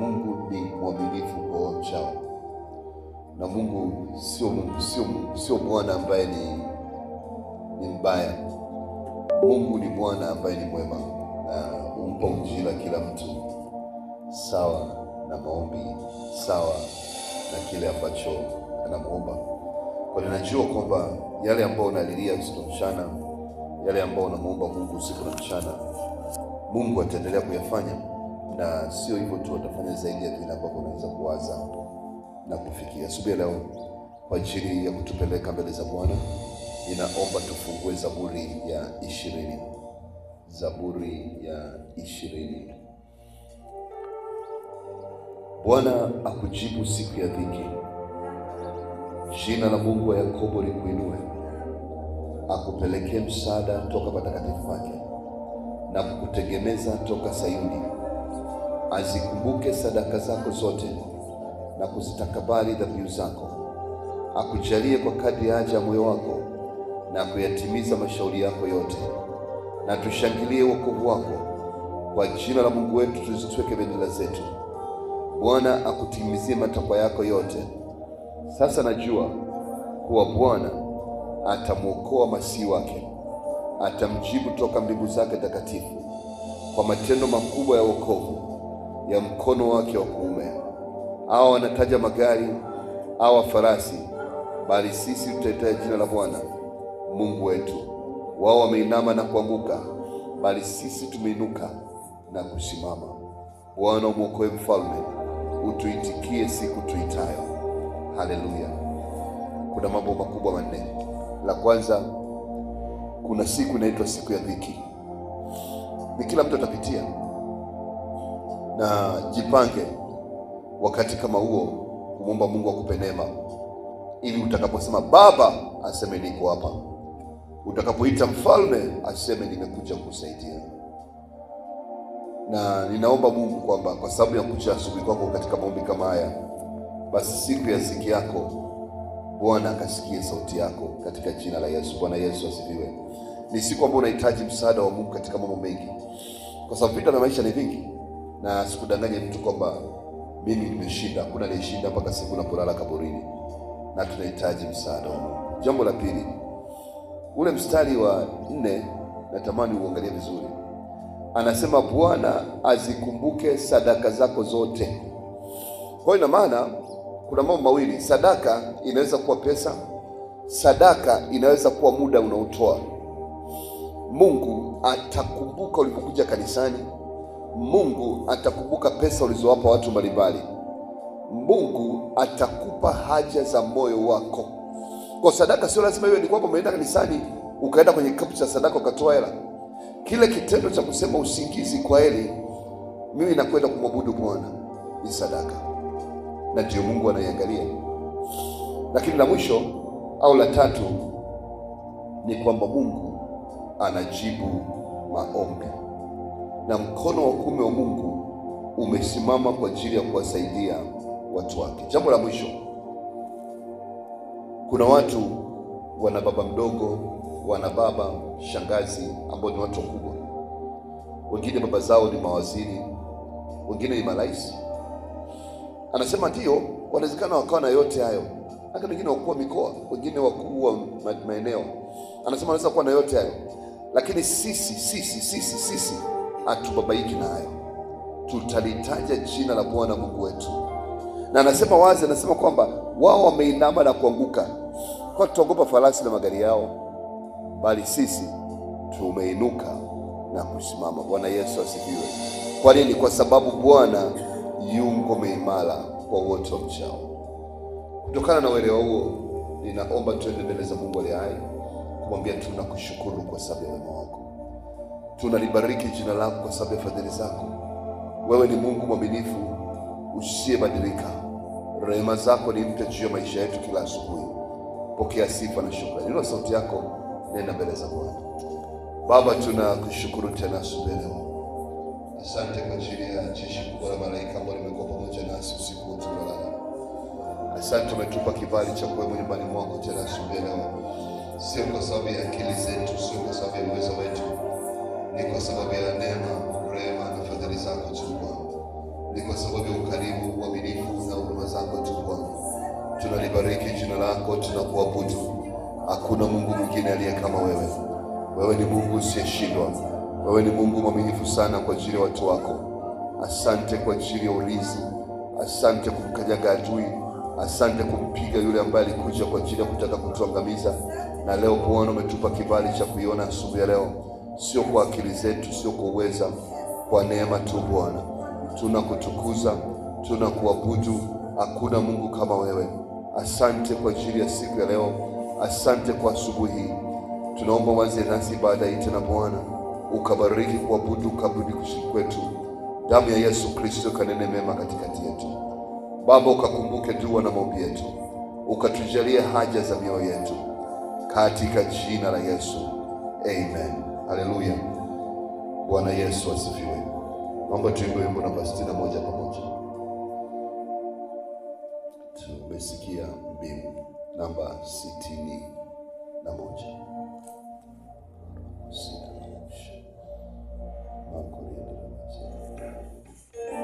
Mungu ni mwaminifu kwa wamchao, na Mungu sio sio sio Bwana ambaye ni ni mbaya. Mungu ni Bwana ambaye ni mwema na umpa ujira kila mtu sawa na maombi, sawa na kile ambacho anamwomba. Kwa ninajua kwamba yale ambayo unalilia usiku na mchana, yale ambayo unamwomba Mungu usiku na mchana, Mungu ataendelea kuyafanya na sio hivyo tu, watafanya zaidi ya vile ambavyo unaweza kuwaza na kufikia. Asubuhi leo kwa ajili ya kutupeleka mbele za Bwana, ninaomba tufungue Zaburi ya ishirini, Zaburi ya ishirini. Bwana akujibu siku ya dhiki, jina la Mungu wa Yakobo likuinue, akupelekee msaada toka patakatifu pake na kukutegemeza toka Sayuni azikumbuke sadaka zako zote na kuzitakabali dhabihu zako, akujalie kwa kadri ya haja ya moyo wako na kuyatimiza mashauri yako yote, na tushangilie wokovu wako. Kwa jina la Mungu wetu tuzitweke bendera zetu. Bwana akutimizie matakwa yako yote. Sasa najua kuwa Bwana atamwokoa masihi wake, atamjibu toka mbingu zake takatifu kwa matendo makubwa ya wokovu ya mkono wake wa kuume. Hawa wanataja magari, hawa farasi, bali sisi tutetea jina la Bwana Mungu wetu. Wao wameinama na kuanguka, bali sisi tumeinuka na kusimama. Bwana umwokoe mfalme, utuitikie siku tuitayo. Haleluya! Kuna mambo makubwa manne. La kwanza, kuna siku inaitwa siku ya dhiki, ni kila mtu atapitia na jipange wakati kama huo kumwomba Mungu akupe neema, ili utakaposema Baba aseme niko hapa, utakapoita mfalme aseme nimekuja kusaidia. Na ninaomba Mungu kwamba kwa sababu ya kucha asubuhi kwako katika maombi kama haya, basi siku ya ziki yako Bwana akasikie sauti yako katika jina la Yesu. Bwana Yesu asifiwe. Ni siku ambayo unahitaji msaada wa Mungu katika mambo mengi, kwa sababu vita na maisha ni vingi na sikudanganye mtu kwamba mimi nimeshinda. Hakuna aliyeshinda mpaka siku napolala kaburini, na tunahitaji msaada wa Mungu. Jambo la pili, ule mstari wa nne, natamani uangalie vizuri. Anasema Bwana azikumbuke sadaka zako zote. Kwa hiyo ina maana kuna mambo mawili, sadaka inaweza kuwa pesa, sadaka inaweza kuwa muda unaotoa. Mungu atakumbuka ulipokuja kanisani Mungu atakumbuka pesa ulizowapa watu mbalimbali. Mungu atakupa haja za moyo wako. Kwa sadaka sio lazima iwe ni kwamba umeenda kanisani ukaenda kwenye kikapu cha sadaka ukatoa hela. Kile kitendo cha kusema usingizi kwa heri, mimi nakwenda kumwabudu Bwana ni sadaka, na ndio Mungu anaiangalia. Lakini la mwisho au la tatu ni kwamba Mungu anajibu maombi na mkono wa kuume wa Mungu umesimama kwa ajili ya kuwasaidia watu wake. Jambo la mwisho, kuna watu wana baba mdogo, wana baba shangazi, ambao ni watu wakubwa. Wengine baba zao ni mawaziri, wengine ni marais. Anasema ndio, wanawezekana wakawa na yote hayo, hata wengine wakuu wa mikoa, wengine wakuu wa maeneo. Anasema wanaweza kuwa na yote hayo, lakini sisi sisi sisi sisi atubabaiki nayo, tutalitaja jina la Bwana Mungu wetu. Na anasema wazi, anasema kwamba wao wameinama na kuanguka, kwa tutaogopa farasi na magari yao, bali sisi tumeinuka na kusimama. Bwana Yesu asifiwe. Kwa nini? Kwa sababu Bwana yungo meimala kwa wote wamchao. Kutokana na uelewa huo, ninaomba tuende mbele za Mungu aliye hai kumwambia tunakushukuru kwa sababu ya wema wako. Tunalibariki jina lako kwa sababu ya fadhili zako. Wewe ni Mungu mwaminifu usiyebadilika. Rehema zako ni mpya juu ya maisha yetu kila asubuhi. Pokea sifa na shukrani. Inua sauti yako, nenda mbele za Bwana. Baba, tunakushukuru tena asubuhi leo. Asante kwa ajili ya jeshi kubwa la malaika ambao limekuwa pamoja nasi usiku wote tulolala. Asante, umetupa kibali cha kuwemo nyumbani mwako tena asubuhi leo, sio kwa sababu ya akili zetu, sio kwa sababu ya uwezo wetu ni kwa sababu ya neema, rehema na fadhili zako tu Bwana, ni kwa sababu ya ukarimu, uaminifu na huruma zako tu Bwana. Tunalibariki jina lako, tunakuabudu. Hakuna Mungu mwingine aliye kama wewe. Wewe ni Mungu usiyeshindwa, wewe ni Mungu mwaminifu sana kwa ajili ya watu wako. Asante kwa ajili ya urizi, asante kumkanyaga adui, asante kumpiga yule ambaye alikuja kwa ajili ya kutaka kutuangamiza, na leo Bwana umetupa kibali cha kuiona asubuhi ya leo sio kwa akili zetu, sio kwa uweza, kwa neema tu Bwana. Tunakutukuza, tunakuabudu. Hakuna Mungu kama wewe. Asante kwa ajili ya siku ya leo, asante kwa asubuhi hii. Tunaomba wazi nasi baada ya tena Bwana, ukabariki kuabudu, ukabariki kushiriki kwetu. Damu ya Yesu Kristo kanene mema katikati yetu. Baba, ukakumbuke dua na maombi yetu, ukatujalie haja za mioyo yetu, katika jina la Yesu, amen. Haleluya, Bwana Yesu asifiwe. Naomba tuimbe wimbo namba sitini na moja pamoja. Tumesikia mbimu namba sitini na moja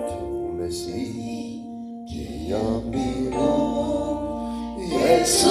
tumesikia mbimu Yesu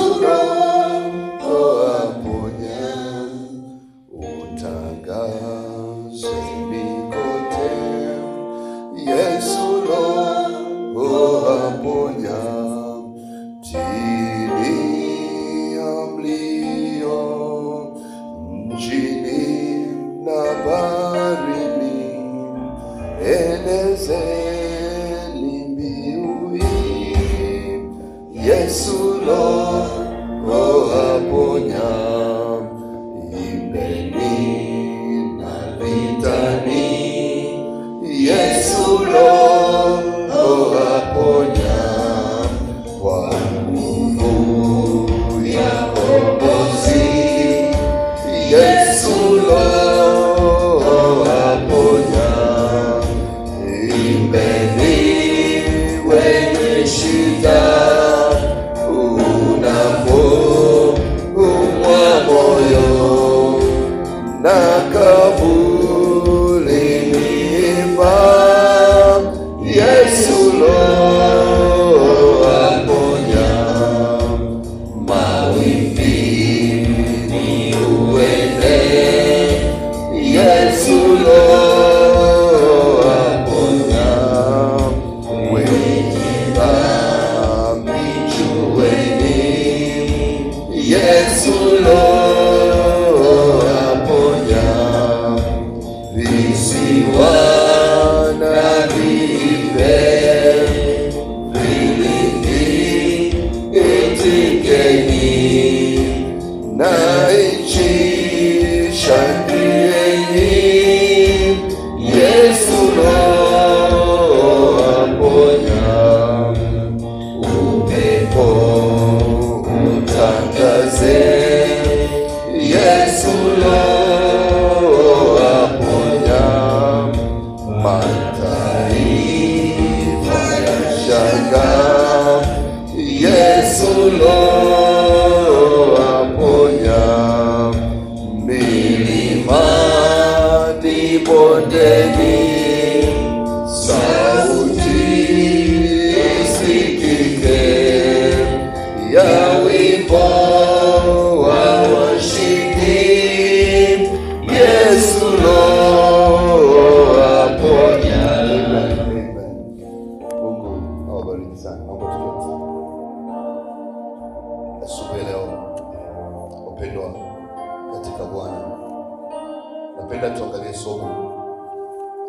deixe dar. Wapendwa katika Bwana, napenda tuangalie somo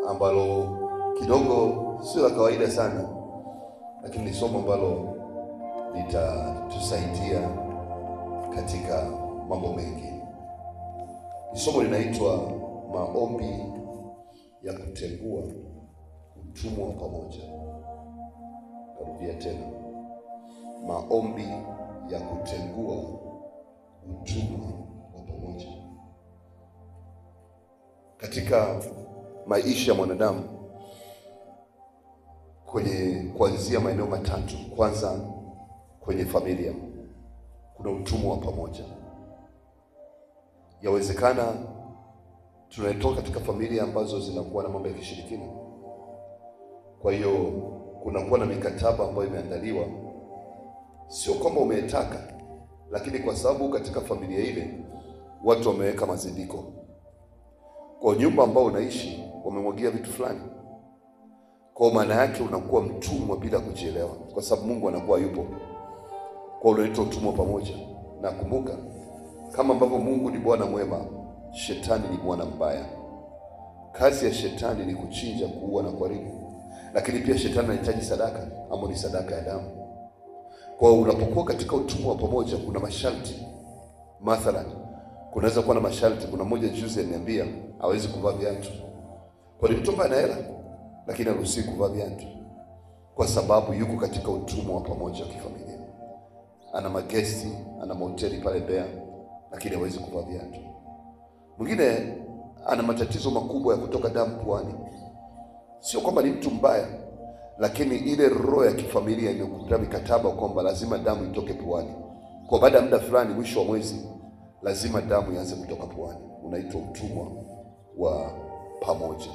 ambalo kidogo sio la kawaida sana, lakini ni somo ambalo litatusaidia katika mambo mengi. Somo linaitwa maombi ya kutengua utumwa pamoja. Narudia tena, maombi ya kutengua uchungu wa pamoja katika maisha ya mwanadamu kwenye kuanzia maeneo matatu. Kwanza, kwenye familia kuna utumwa wa pamoja. Yawezekana tunatoka katika familia ambazo zinakuwa na mambo ya kishirikina, kwa hiyo kunakuwa na mikataba ambayo imeandaliwa, sio kwamba umetaka lakini kwa sababu katika familia ile watu wameweka mazindiko kwa nyumba ambao unaishi, wamemwagia vitu fulani, kwa maana yake unakuwa mtumwa bila kujielewa, kwa sababu Mungu anakuwa yupo, kwa unaitwa utumwa pamoja. Na kumbuka kama ambavyo Mungu ni Bwana mwema, shetani ni bwana mbaya. Kazi ya shetani ni kuchinja, kuua na kuharibu, lakini pia shetani anahitaji sadaka, ambayo ni sadaka ya damu. Kwa unapokuwa katika utumwa wa pamoja, kuna masharti. Mathalan, kunaweza kuwa na masharti. Kuna mmoja juzi aliniambia hawezi kuvaa viatu. Kwa ni mtu ambaye ana hela, lakini haruhusiwi kuvaa viatu kwa sababu yuko katika utumwa wa pamoja wa kifamilia. Ana magesti, ana mahoteli pale Mbeya, lakini hawezi kuvaa viatu. Mwingine ana matatizo makubwa ya kutoka damu puani. Sio kwamba ni mtu mbaya, lakini ile roho ya kifamilia imekuta mikataba kwamba lazima damu itoke puani, kwa baada ya muda fulani, mwisho wa mwezi, lazima damu ianze kutoka puani. Unaitwa utumwa wa pamoja.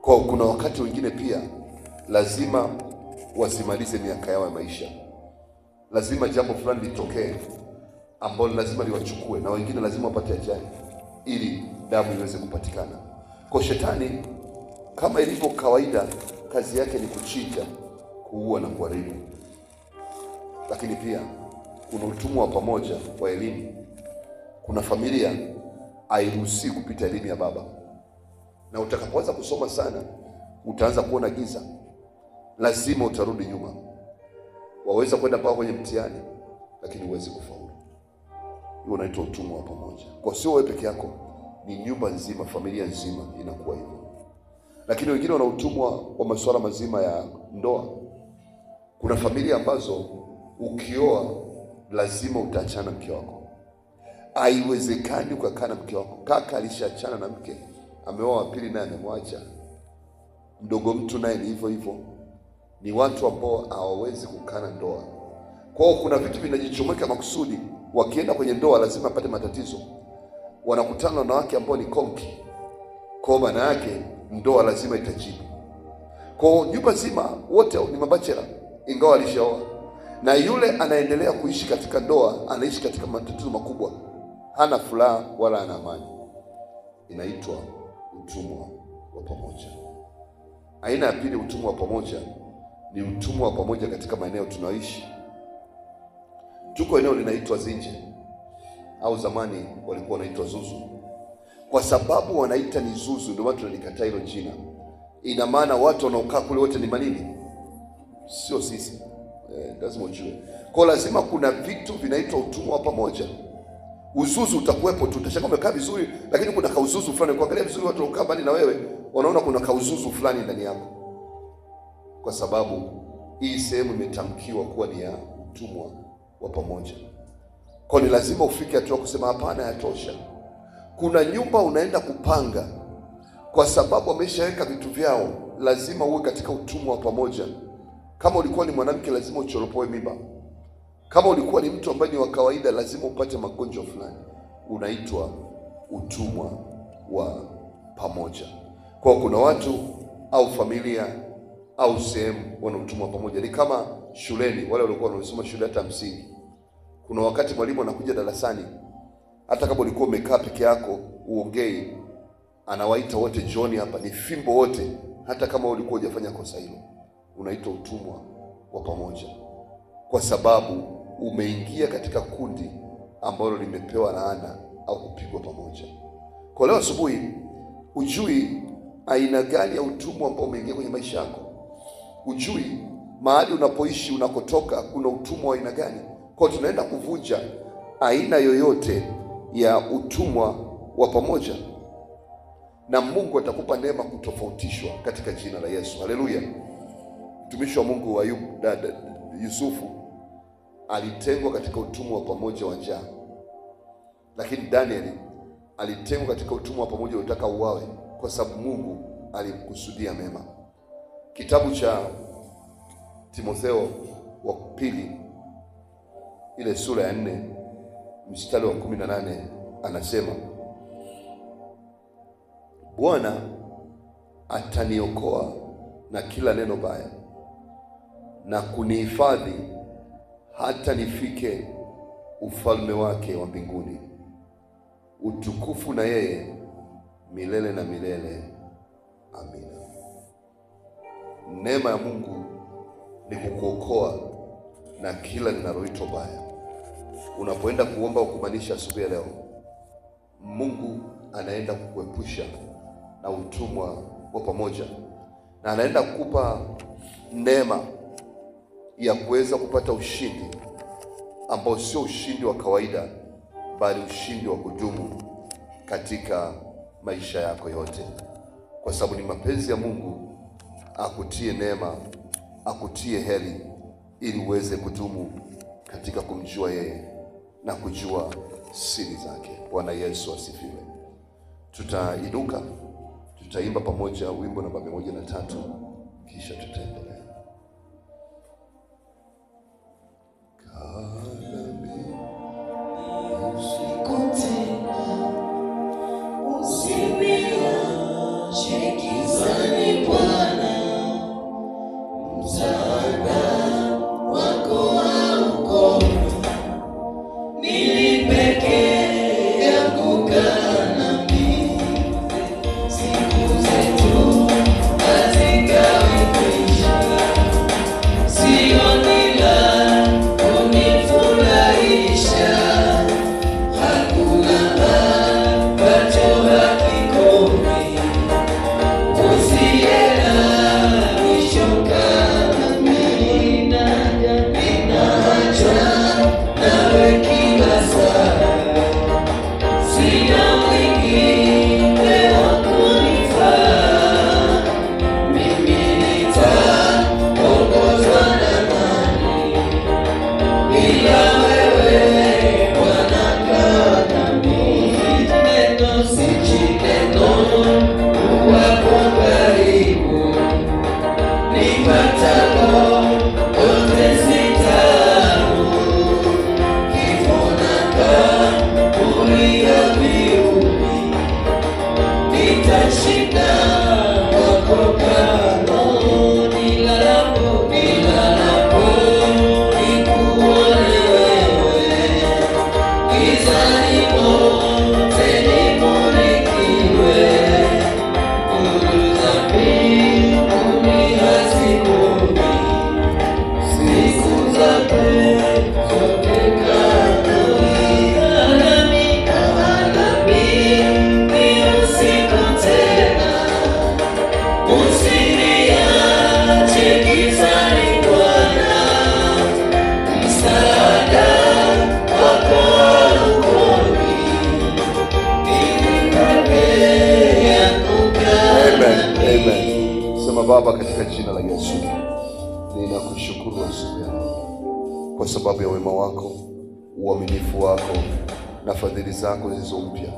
Kwa kuna wakati wengine pia lazima wasimalize miaka yao ya maisha, lazima jambo fulani litokee ambalo lazima liwachukue, na wengine lazima wapate ajali ili damu iweze kupatikana kwa shetani kama ilivyo kawaida, kazi yake ni kuchinja, kuua na kuharibu, lakini pia kuna utumwa wa pamoja wa elimu. Kuna familia hairuhusi kupita elimu ya baba, na utakapoanza kusoma sana utaanza kuona giza, lazima utarudi nyuma. Waweza kwenda mpaka kwenye mtihani, lakini huwezi kufaulu. Hiyo unaitwa utumwa wa pamoja, kwa sio wewe peke yako, ni nyumba nzima, familia nzima inakuwa hivyo lakini wengine wana utumwa wa masuala mazima ya ndoa. Kuna familia ambazo ukioa lazima utaachana mke wako, haiwezekani ukakaa na mke wako. Kaka alishaachana na mke, ameoa wa pili naye amemwacha, mdogo mtu naye ni hivyo hivyo. Ni watu ambao hawawezi kukana ndoa kwao. Kuna vitu vinajichomeka makusudi, wakienda kwenye ndoa lazima apate matatizo. Wanakutana na wanawake ambao ni konki kwao, maana yake ndoa lazima itajibu. Kwa nyumba zima wote ni mabachela, ingawa alishaoa, na yule anaendelea kuishi katika ndoa anaishi katika matatizo makubwa, hana furaha wala ana amani. Inaitwa utumwa wa pamoja. Aina ya pili, utumwa wa pamoja ni utumwa wa pamoja katika maeneo tunaoishi. Tuko eneo linaitwa Zinje au zamani walikuwa wanaitwa Zuzu kwa sababu wanaita ni zuzu, ndio watu walikataa hilo jina. Ina maana watu wanaokaa kule wote ni manini? Sio sisi. Eh, lazima ujue kwa lazima kuna vitu vinaitwa utumwa wa pamoja. Uzuzu utakuwepo tu, utashangaa umekaa vizuri, lakini kuna kauzuzu fulani. Kuangalia vizuri, watu wanaokaa mbali na wewe wanaona kuna kauzuzu fulani ndani yako, kwa sababu hii sehemu imetamkiwa kuwa ni ya utumwa wa pamoja. Kwa ni lazima ufike hatua kusema hapana, yatosha. Kuna nyumba unaenda kupanga, kwa sababu ameshaweka vitu vyao, lazima uwe katika utumwa wa pamoja. Kama ulikuwa ni mwanamke, lazima uchoropoe mimba. Kama ulikuwa ni mtu ambaye ni wa kawaida, lazima upate magonjwa fulani. Unaitwa utumwa wa pamoja. Kwa kuna watu au familia au sehemu wana utumwa pamoja. Ni kama shuleni, wale waliokuwa wanasoma shule hata msingi, kuna wakati mwalimu anakuja darasani hata kama ulikuwa umekaa peke yako uongei, anawaita wote jioni hapa, ni fimbo wote, hata kama ulikuwa hujafanya kosa hilo, unaitwa utumwa wa pamoja, kwa sababu umeingia katika kundi ambalo limepewa laana au kupigwa pamoja. Kwa leo asubuhi, ujui aina gani ya utumwa ambao umeingia kwenye maisha yako, ujui mahali unapoishi, unakotoka, kuna utumwa wa aina gani. Kwa tunaenda kuvunja aina yoyote ya utumwa wa pamoja, na Mungu atakupa neema kutofautishwa katika jina la Yesu. Haleluya! Mtumishi wa Mungu wa Yusufu alitengwa katika utumwa wa pamoja wa njaa, lakini Danieli alitengwa katika utumwa wa pamoja unataka uwawe, kwa sababu Mungu alimkusudia mema. Kitabu cha Timotheo wa pili ile sura ya nne mstari wa 18 anasema Bwana ataniokoa na kila neno baya na kunihifadhi hata nifike ufalme wake wa mbinguni. Utukufu na yeye milele na milele. Amina. Neema ya Mungu ni kukuokoa na kila linaloitwa baya unapoenda kuomba ukumaanisha asubuhi ya leo, Mungu anaenda kukuepusha na utumwa wa pamoja na anaenda kukupa neema ya kuweza kupata ushindi ambao sio ushindi wa kawaida, bali ushindi wa kudumu katika maisha yako yote, kwa sababu ni mapenzi ya Mungu akutie neema, akutie heri ili uweze kudumu katika kumjua yeye na kujua siri zake. Bwana Yesu asifiwe. Tutainuka, tutaimba pamoja wimbo namba mia moja na tatu kisha tutaendelea. Amen. Sema Baba, katika jina la Yesu ninakushukuru asubuhi kwa sababu ya wema wako, uaminifu wako na fadhili zako zilizo mpya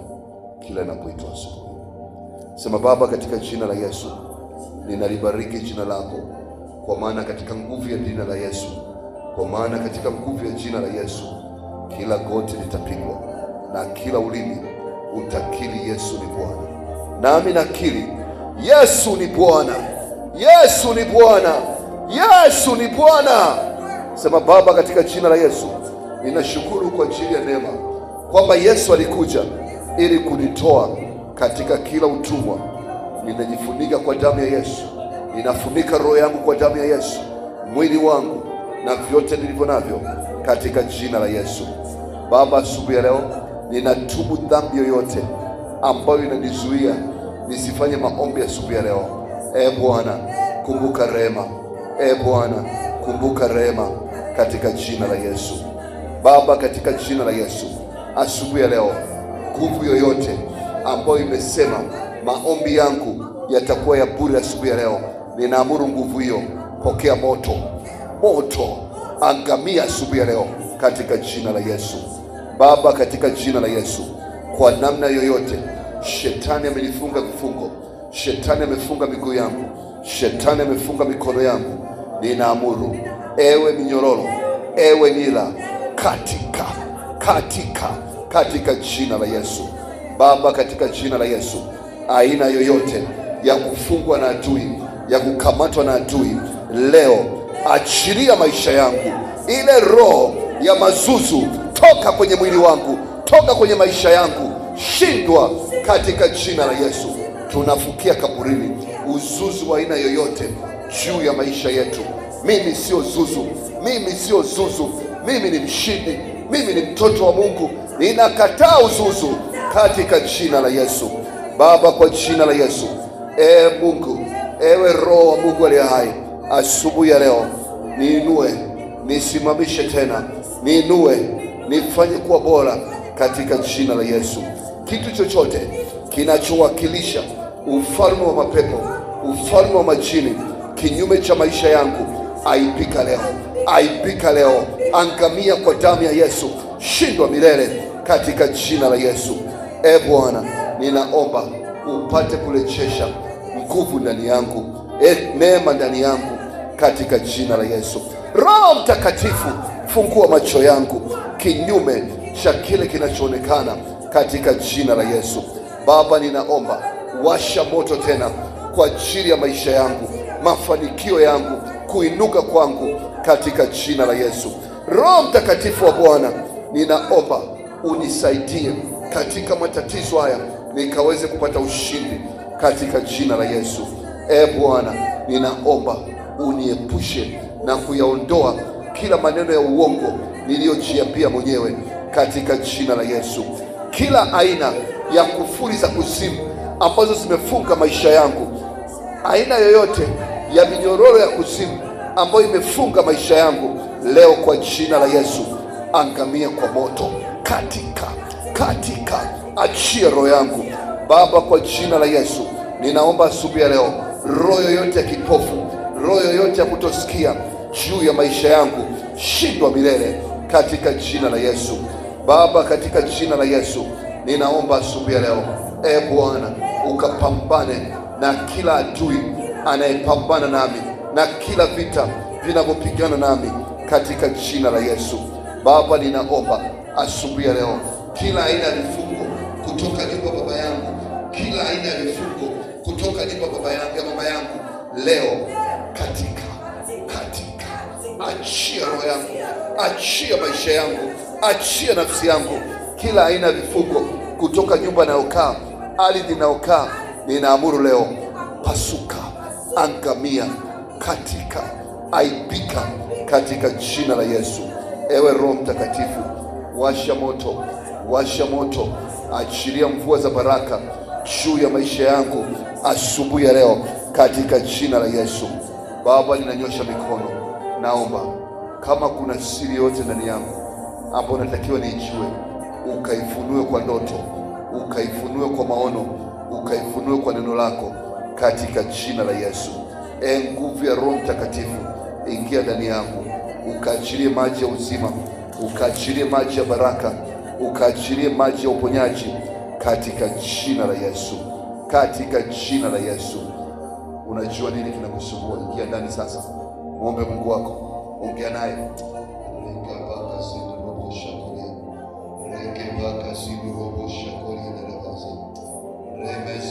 kila ninapoitwa asubuhi. Sema Baba, katika jina la Yesu ninalibariki jina lako, kwa maana katika nguvu ya jina la Yesu, kwa maana katika nguvu ya jina la Yesu kila goti litapigwa na kila ulimi utakiri Yesu ni Bwana. Nami nakiri Yesu ni Bwana, Yesu ni Bwana, Yesu ni Bwana. Sema Baba, katika jina la Yesu ninashukuru kwa ajili ya neema kwamba Yesu alikuja ili kunitoa katika kila utumwa. Ninajifunika kwa damu ya Yesu, ninafunika roho yangu kwa damu ya Yesu, mwili wangu na vyote nilivyo navyo katika jina la Yesu. Baba, asubuhi ya leo ninatubu dhambi yoyote ambayo inanizuia nisifanye maombi asubuhi ya leo. E Bwana, kumbuka rehema. E Bwana, kumbuka rehema katika jina la Yesu. Baba, katika jina la Yesu, asubuhi ya leo, nguvu yoyote ambayo imesema maombi yangu yatakuwa ya bure asubuhi ya leo, ninaamuru nguvu hiyo, pokea moto, moto angamia asubuhi ya leo katika jina la Yesu. Baba, katika jina la Yesu, kwa namna yoyote Shetani amenifunga kifungo, shetani amefunga miguu yangu, shetani amefunga mikono yangu. Ninaamuru ewe minyororo, ewe nila, katika katika katika jina la Yesu. Baba, katika jina la Yesu, aina yoyote ya kufungwa na adui, ya kukamatwa na adui, leo achilia maisha yangu. Ile roho ya mazuzu, toka kwenye mwili wangu, toka kwenye maisha yangu, shindwa katika jina la Yesu. Tunafukia kaburini uzuzu wa aina yoyote juu ya maisha yetu. Mimi sio zuzu, mimi sio zuzu, mimi ni mshindi, mimi ni mtoto wa Mungu. Ninakataa uzuzu katika jina la Yesu. Baba, kwa jina la Yesu, ee Mungu, ewe Roho wa Mungu aliye hai, asubuhi ya leo niinue, nisimamishe tena, niinue, nifanye kuwa bora katika jina la Yesu kitu chochote kinachowakilisha ufalme wa mapepo, ufalme wa majini, kinyume cha maisha yangu, aipika leo, aipika leo, angamia kwa damu ya Yesu, shindwa milele katika jina la Yesu. E Bwana, ninaomba upate kurejesha nguvu ndani yangu, e neema ndani yangu katika jina la Yesu. Roho Mtakatifu, fungua macho yangu kinyume cha kile kinachoonekana katika jina la Yesu. Baba, ninaomba washa moto tena kwa ajili ya maisha yangu, mafanikio yangu, kuinuka kwangu katika jina la Yesu. Roho Mtakatifu wa Bwana, ninaomba unisaidie katika matatizo haya nikaweze kupata ushindi katika jina la Yesu. E Bwana, ninaomba uniepushe na kuyaondoa kila maneno ya uongo niliyojiambia mwenyewe katika jina la Yesu kila aina ya kufuri za kuzimu ambazo zimefunga maisha yangu, aina yoyote ya minyororo ya kuzimu ambayo imefunga maisha yangu leo, kwa jina la Yesu, angamia kwa moto, katika katika, achia roho yangu Baba, kwa jina la Yesu. Ninaomba asubuhi ya leo, roho yoyote ya kipofu, roho yoyote ya kutosikia juu ya maisha yangu, shindwa milele katika jina la Yesu. Baba, katika jina la Yesu ninaomba asubuhi ya leo, e Bwana, ukapambane na kila adui anayepambana nami na kila vita vinavyopigana nami katika jina la Yesu. Baba, ninaomba asubuhi ya leo, kila aina ya vifungo kutoka kwa baba yangu, kila aina ya vifungo kutoka kwa baba yangu ya mama yangu leo, katika katika, achia roho yangu, achia maisha yangu achia nafsi yangu kila aina ya vifungo kutoka nyumba inayokaa, ardhi nina Ninaamuru leo, pasuka, angamia katika aibika, katika jina la Yesu. Ewe Roho Mtakatifu, washa moto, washa moto, achilia mvua za baraka juu ya maisha yangu asubuhi ya leo, katika jina la Yesu. Baba, ninanyosha mikono, naomba kama kuna siri yote ndani yangu ambayo unatakiwa niijue, ukaifunue kwa ndoto, ukaifunue kwa maono, ukaifunue kwa neno lako katika jina la Yesu. E nguvu ya Roho Mtakatifu, ingia ndani yangu, ukaachilie maji ya uzima, ukaachilie maji ya baraka, ukaachilie maji ya uponyaji katika jina la Yesu, katika jina la Yesu. Unajua nini kinakusumbua? Ingia ndani sasa, muombe Mungu wako, ongea naye.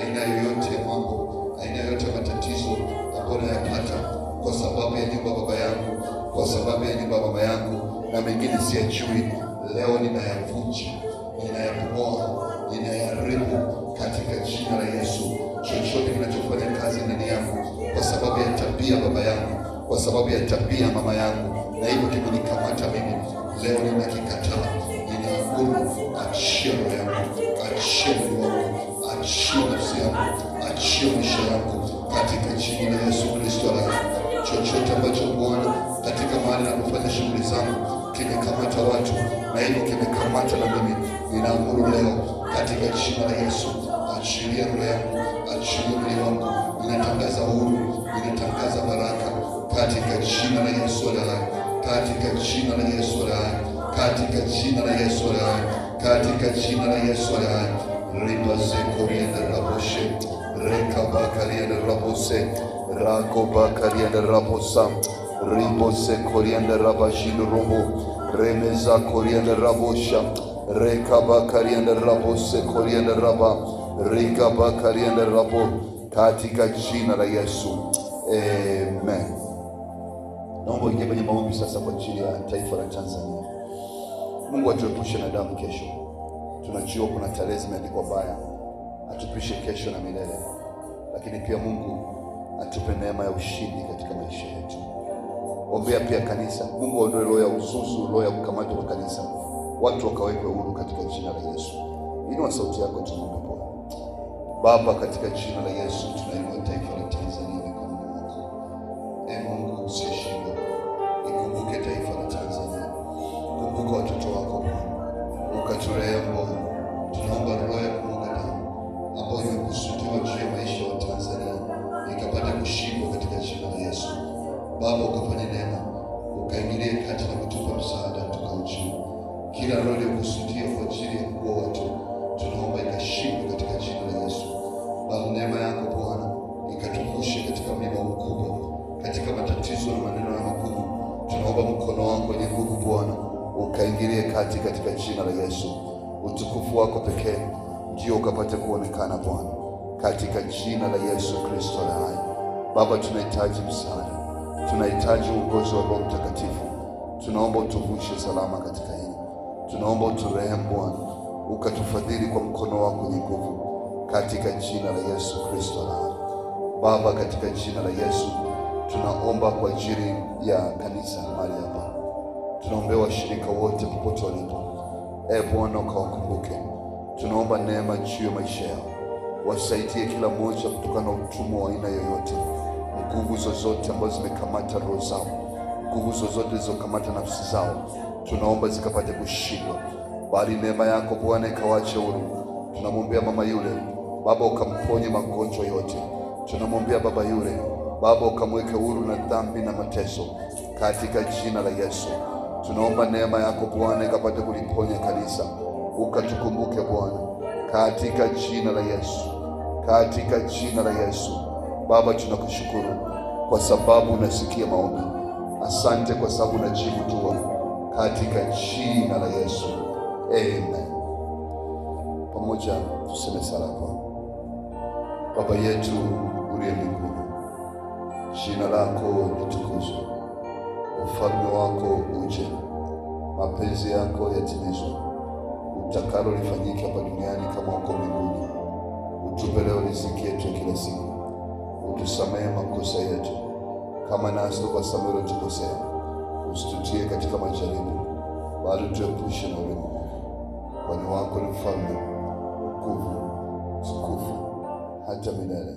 aina yoyote ya mambo, aina yoyote ya matatizo ambayo nayapata kwa sababu ya nyumba baba yangu, kwa sababu ya nyumba baba yangu, na mengine siyajui, leo ninayavunja, ninayapomoa, ninayaribu katika jina la Yesu. Chochote kinachofanya kazi ndani yangu kwa sababu ya tabia baba yangu, kwa sababu ya tabia mama yangu, na hivyo kimenikamata mimi, leo ninakikataa, ninaamuru achia roho yangu, achia roho yangu, achia yako, achia maisha yako katika jina la Yesu Kristo rahi. Chochote ambacho Bwana katika mahali napofanya shughuli zangu kimekamata watu na hivyo kimekamata na mimi, ninaamuru leo katika jina la Yesu, achilia roho yangu, achilia mwili wangu, ninatangaza uhuru, ninatangaza baraka katika jina la Yesu rahi, katika jina la Yesu rahi, katika jina la Yesu rahi, katika jina la Yesu rahi Ribase Korean Raboshe, Rekaba Korean Rabose, Rakoba Korean Rabosam, Ribose Korean Rabashin Robo, Remeza Korean Rabosha, Rekaba Korean Rabose Korean Rabba, Rekaba Korean Rabo, katika jina la Yesu. Amen. Naomba uingie kwenye maombi sasa kwa ajili ya taifa la Tanzania. Mungu atuepushe na damu kesho. tunajua kuna tarehe zimeandikwa baya, atupishe kesho na milele, lakini pia Mungu atupe neema ya ushindi katika maisha yetu. Ombea pia kanisa, Mungu aondoe roho ya uzuzu, roho ya kukamatwa kwa kanisa, watu wakawekwe huru katika jina la Yesu. Inua sauti yako, tunaomba Baba, katika jina la Yesu tunainua taifa wakati katika jina la Yesu. Utukufu wako pekee ndio ukapate kuonekana Bwana, katika jina la Yesu Kristo la hai. Baba, tunahitaji msaada, tunahitaji uongozi wa Roho Mtakatifu. Tunaomba utuvushe salama katika hili, tunaomba uturehemu Bwana, ukatufadhili kwa mkono wako wenye nguvu, katika jina la Yesu Kristo la hai. Baba, katika jina la Yesu tunaomba kwa ajili ya kanisa mahali hapa tunaombea washirika wote popote walipo. E Bwana, ukawakumbuke. Tunaomba neema juu ya maisha yao, wasaidie kila mmoja kutokana na utumwa wa aina yoyote, nguvu zozote ambazo zimekamata roho zao, nguvu zozote zilizokamata nafsi zao, tunaomba zikapate kushindwa, bali neema yako Bwana ikawache huru. Tunamwombea mama yule, Baba ukamponye magonjwa yote. Tunamwombea baba yule, Baba ukamweke huru na dhambi na mateso, katika jina la Yesu. Tunaomba neema yako Bwana ikapate kuliponya kanisa, ukatukumbuke Bwana, katika jina la Yesu, katika jina la Yesu. Baba, tunakushukuru kwa sababu unasikia maombi. Asante kwa sababu unajibu dua, katika jina la Yesu, amen. Pamoja tuseme sala kwa Baba yetu uliye mbinguni, jina lako litukuzwe ufalme wako uje, mapenzi yako yatimizwe, utakalo lifanyike hapa duniani kama uko mbinguni. Utupe leo riziki yetu ya kila siku, utusamehe makosa yetu kama nasi tukasamehe waliotukosea, usitutie katika majaribu, bali tuepushe na uovu, kwani wako ni mfalme, nguvu, utukufu hata milele.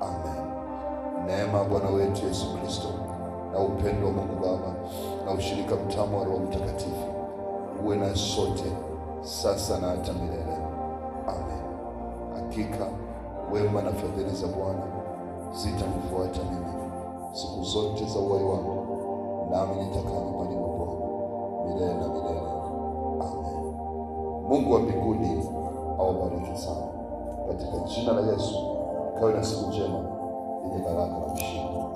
Amen. Neema Bwana wetu Yesu Kristo na upendo wa Mungu Baba na ushirika mtamu wa Roho Mtakatifu uwe na sote sasa na hata milele. Amen. Hakika wema na fadhili za Bwana zitanifuata mimi siku zote za uhai wangu, nami nitakaa nyumbani mwa Bwana milele na milele. Amen. Mungu wa mbinguni awabariki sana, katika jina la Yesu. Kawe na siku njema yenye baraka na ushindi.